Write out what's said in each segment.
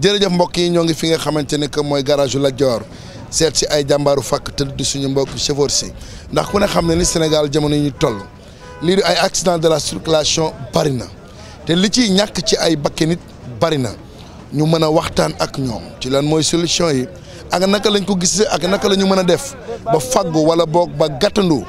jërëjëf mbokk yi ñoo ngi fi nga xamante ne que mooy garage la Dior seet si ay jàmbaaru fàkk tëdd suñu mbokk chauffeur si ndax ku ne xam ne ni Sénégal jamono yi ñu toll lii di ay accident de la circulation bari na te li ci ñàkk ci ay bakke nit bari na ñu mën a waxtaan ak ñoom ci lan mooy solution yi ak naka lañ ko gisee ak naka la ñu mën a def ba faggu wala boog ba gàttandu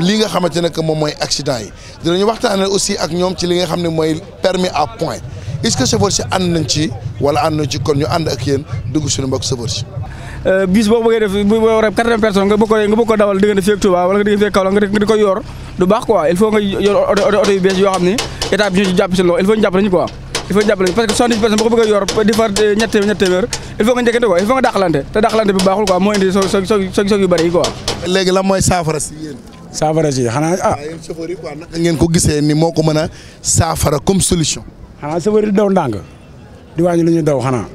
lii nga xamante ne que moom mooy accident yi dina dinañu waxtaanee aussi ak ñoom ci li nga xam ne mooy permis à point est-ce que chauffeur si ànd nañ ci wala ànd nañ ci kon ñu ànd ak yéen dugg suñu mbokk chauffeur si euh, bis boo bëggee def boo war a quatre-vingts personnes nga bëgg ko nga bëgg ko dawal diggante fii ak Touba wala nga diggante fii ak Kaolack nga di ko yor du baax quoi il faut nga yor oto yu bees yoo xam ne état bi ñu jàpp si loolu il faut ñu jàpp lañu quoi il faut ñu jàpp lañu parce que soixante-dix personnes boo ko bëggee yor di far ñett ñett téeméer il faut nga njëkkante quoi il faut nga dàqalante te dàqalante bi baaxul quoi moo indi soog soog soog soog yu bëri yi quoi léegi la mooy saafara si yéen saafara si xanaa ah yéen chauffeur yi quoi naka ngeen ko gisee ni moo ko mën a saafara comme solution ah safari di daw ndànk di wàññi lu ñuy daw xanaa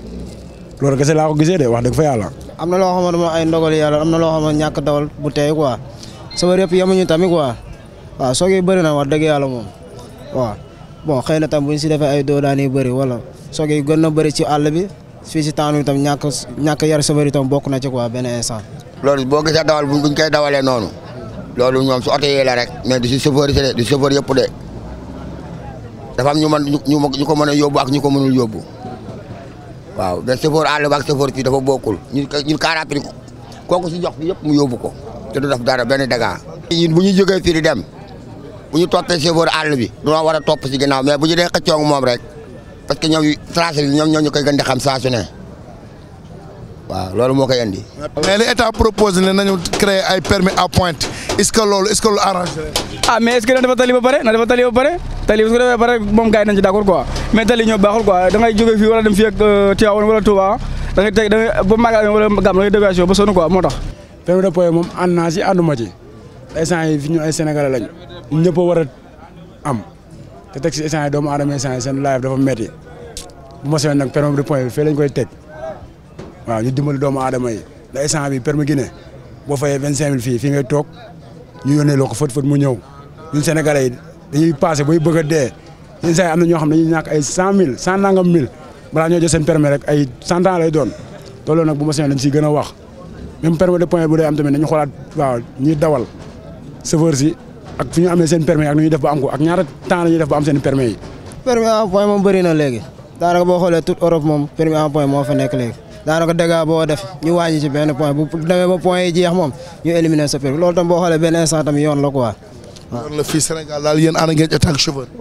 loolu kese laa ko gisee de wax dëgg fa yàlla. am na loo xamante ne ay ndogal yàlla am na loo xamante ñàkk dawal bu tey quoi safari yëpp yemuñu tamit quoi waaw soog yi bëri na wax dëgg yàlla moom waaw bon xëy na tam bu si defee ay doo daan yu bëri wala soog yi gën na bëri ci àll bi fii si temps bi tam ñàkk ñàkk yar safari tam bokk na ci quoi benn instant. loolu boo gisee dawal buñ koy dawalee noonu loolu ñoom su oto rek mais du si chauffeur yi du dafa am ñu mën ñu ko mën a yóbbu ak ñu ko mënul yóbbu waaw mais chauffeur àll ba ak chauffeur fii dafa bokkul ñun ñun car rapide kooku si jox bi yëpp mu yóbbu ko te du def dara benn daga. ñun bu ñu jógee fii di dem bu ñu toppee chauffeur àll bi dañoo war a topp si ginnaaw mais bu ñu dee xëccoo moom rek parce que ñoom tracé bi ñoom ñoo ñu koy gën di xam saa su ne waaw loolu moo koy indi. mais li état proposé ne nañu créer ay permis à pointe. est-ce que loolu est-ce que loolu arrangé ah mais est-ce que na dafa tali ba pare na dafa tali ba pare tali su ko defee ba pare moom gars yi nañ ci d'accord quoi mais tali ñoo baaxul quoi da ngay jógee fii wala dem fii ak euh, Tivaouane wala Touba da ngay teg da ngay ba magal wala gam da ngay dégagé ba sonn quoi moo tax permis de poids moom ànd naa si ànduma ci essence yi fi ñu ay sénégalais lañ ñëpp a war a am te teg si essence yi doomu aadama essence yi seen live dafa metti bu ma seen nag permis de poids bi fii lañ koy teg waaw ñu dimbali doomu aadama yi da essence bi permis Guinée boo fayee vingt cinq mille fii fii ngay toog ñu yónnee loo ko fët fët mu ñëw ñun sénégalais yi dañuy passé bay bëgg a dee yenn saa yi am na ñoo xam ne ñu ñàkk ay cent mille cent nangam mille bala ñoo jël seen permis rek ay cent ans lay doon loolu nag bu ma sañoon dañ gën a wax même permis de point bu dee am tamit dañu xoolaat waaw ñuy dawal chauffeur si ak fi ñu amee seen permis ak nu ñuy def ba am ko ak ñaata temps la def ba am seen permis yi. permis en point moom bëri na léegi daanaka boo xoolee toute Europe moom permis en point moo fa nekk léegi. daanaka dégâts boo def ñu wàññi ci benn point bu demee ba point jeex moom ñu éliminer sapeur loolu tam boo xoolee benn instant tamit yoon la quoi. yoon la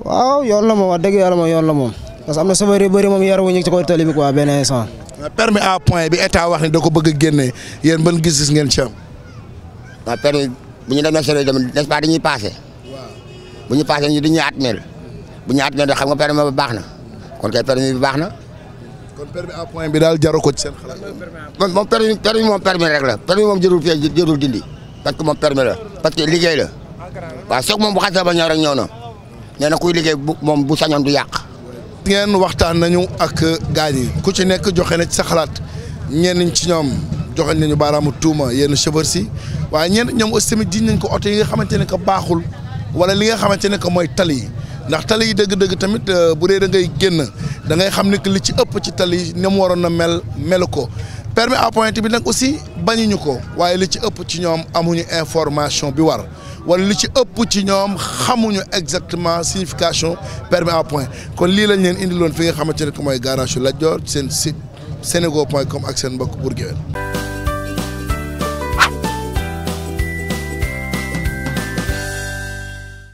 waaw yoon la moom wax dëgg yàlla moom yoon la moom parce que am na chauffeur yu bëri ci ko tali bi quoi benn instant. permis a point bi état wax ni da ko bëgg a génne yéen ban gis-gis ngeen ci am. waaw bu ñu demee sori tamit n'est-ce ñu passé ñu dañuy bu ñu at mel xam nga permis ba baax na kon kay permis bi baax na. kon permis à point daal jaru ko ci seen xalaat. man moom permis permis moom permis rek la permis moom jërul fee jërul dindi parce que moom permis la parce que liggéey la waaw soog moom bu xasee ba ñëw rek ñëw na nee na kuy liggéey bu moom bu sañoon du yàq. ngeen waxtaan nañu ak gaañ yi ku ci nekk joxe na ci sa xalaat ñenn ci ñoom joxe nañu baaraamu tuuma yenn chauffeur si waa ñenn ñoom aussi tamit jiñ nañ ko oto yi nga xamante ne que baaxul wala li nga xamante ne que mooy tali yi ndax tali yi dëgg-dëgg tamit euh, bu dee da ngay génn. da xam ni que li ci ëpp ci tali ni mu waroon a mel melu ko permis à point bi nag aussi bañuñu ko waaye li ci ëpp ci ñoom amuñu information bi war wala li ci ëpp ci ñoom xamuñu exactement signification permis à point kon lii lañ leen indiloon fi nga xamante ne mooy garage la Lat Dior seen site senego point comme ak seen mbokk Bour